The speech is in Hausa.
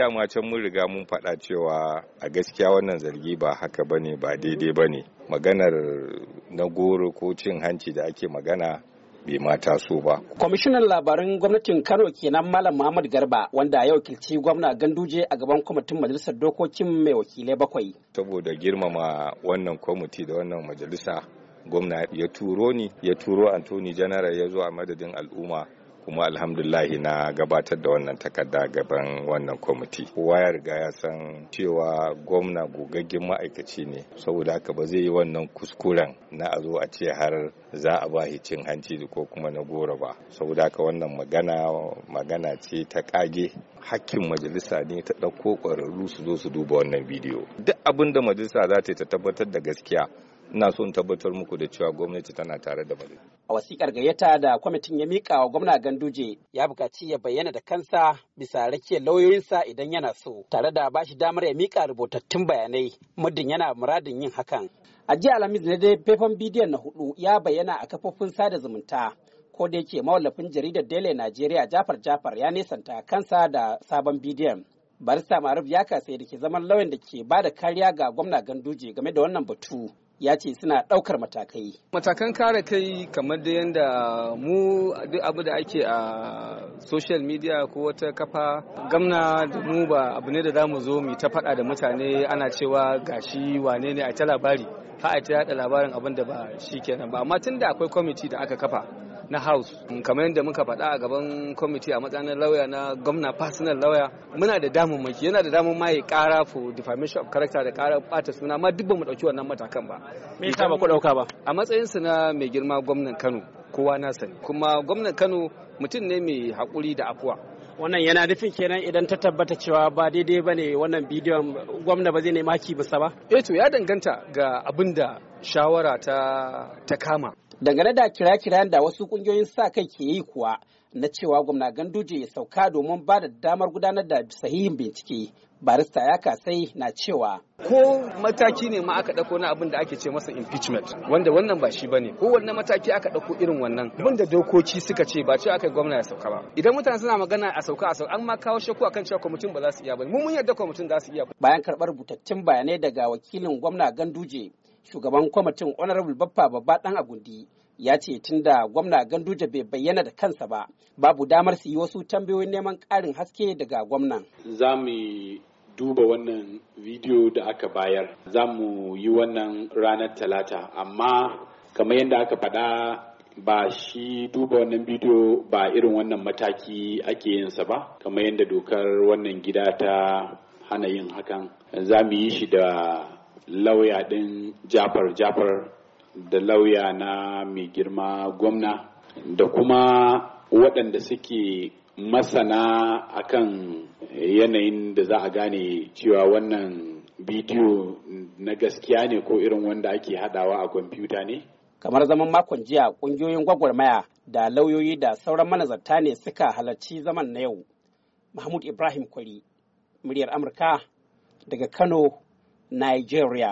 dama can mun riga mun faɗa cewa a gaskiya wannan zargi ba haka ba ba daidai ba ne maganar na goro ko cin hanci da ake magana bai mata taso ba. Kwamishinan labaran gwamnatin Kano kenan Malam Muhammad Garba wanda ya wakilci gwamna Ganduje a gaban kwamitin majalisar dokokin mai wakilai bakwai. Saboda girmama wannan kwamiti da wannan majalisa gwamna ya turo ni ya turo Antoni Janaral ya zo a madadin al'umma kuma alhamdulahi na gabatar da wannan takarda gaban wannan kwamiti kowa ya riga ya san cewa gwamna gogaggen ma'aikaci ne saboda haka ba zai yi wannan kuskuren na a zo a ce har za a ba cin hanci ko kuma na goro ba saboda haka wannan magana magana ce ta kage hakkin majalisa ne ta ɗauko ƙwararru su zo su duba wannan bidiyo duk abin da majalisa za ta yi ta tabbatar da gaskiya ina so in tabbatar muku da cewa gwamnati tana tare da bari. A wasikar gayyata da kwamitin ya mika wa gwamna Ganduje ya buƙaci ya bayyana da kansa bisa rake lauyoyinsa idan yana so tare da bashi damar ya mika rubutattun bayanai muddin yana muradin yin hakan. A jiya Alhamis ne dai faifan bidiyon na hudu ya bayyana a kafofin sada zumunta ko da yake mawallafin jaridar Daily Najeriya Jafar Jafar ya nesanta kansa da sabon bidiyon. Barista Maruf ya kasa da ke zaman lauyan da ke ba da kariya ga gwamna Ganduje game da wannan batu ya ce suna ɗaukar matakai. Matakan kare kai kamar da yadda mu duk abu da ake a social media ko wata kafa gamna da mu ba abu ne da za mu zo mu ta faɗa da mutane ana cewa gashi wane ne a ta labari ha a ta yaɗa labarin abin da ba shi kenan ba amma tun da akwai kwamiti da aka kafa na house kamar yadda muka faɗa a gaban kwamiti a matsayin lauya na gwamna personal lauya muna da damun maki yana da damun mai kara for defamation of character da kara bata suna ma duk ba mu ɗauki wannan matakan ba me yasa ba ku ɗauka ba a su na mai girma gwamnan Kano kowa na sani kuma gwamnan Kano mutum ne mai haƙuri da afuwa wannan yana nufin kenan idan ta tabbata cewa ba daidai ba ne wannan bidiyon gwamna ba zai nemi haki ba ba? eh to ya danganta ga abin da shawara ta, ta kama. Dangane da kira-kiran da wasu kungiyoyin sa kai ke yi kuwa na cewa gwamna ganduje ya sauka domin ba da damar gudanar da sahihin bincike barista ya kasai na cewa ko mataki ne ma aka dauko na abin da ake ce masa impeachment wanda wannan ba shi bane ko wannan mataki aka dauko irin wannan abin da dokoki suka ce ba ce aka gwamna ya sauka ba idan mutane suna magana a sauka a sauka an ma kawo shakku akan cewa kwamitin ba za su iya ba mun mun yarda kwamitin za su iya bayan karbar butattun bayanai daga wakilin gwamna Ganduje shugaban kwamitin honorable baffa babba dan agundi ya ce tunda gwamna ganduje bai bayyana da kansa ba babu damar su yi wasu tambayoyin neman karin haske daga gwamnan za mu duba wannan bidiyo da aka bayar za mu yi wannan ranar talata amma kamar yadda aka faɗa ba shi duba wannan bidiyo ba irin wannan mataki ake yinsa ba kamar yadda dokar wannan gida ta hana yin hakan za mu yi shi da lauya ɗin jafar jafar da lauya na mai girma gwamna da kuma waɗanda suke masana a kan yanayin da za a gane cewa wannan bidiyo na gaskiya ne ko irin wanda ake haɗawa a kwamfuta ne kamar zaman makon jiya ƙungiyoyin gwagwarmaya da lauyoyi da sauran manazarta ne suka halarci zaman na yau mahmud ibrahim kwari muryar amurka daga kano Nigeria.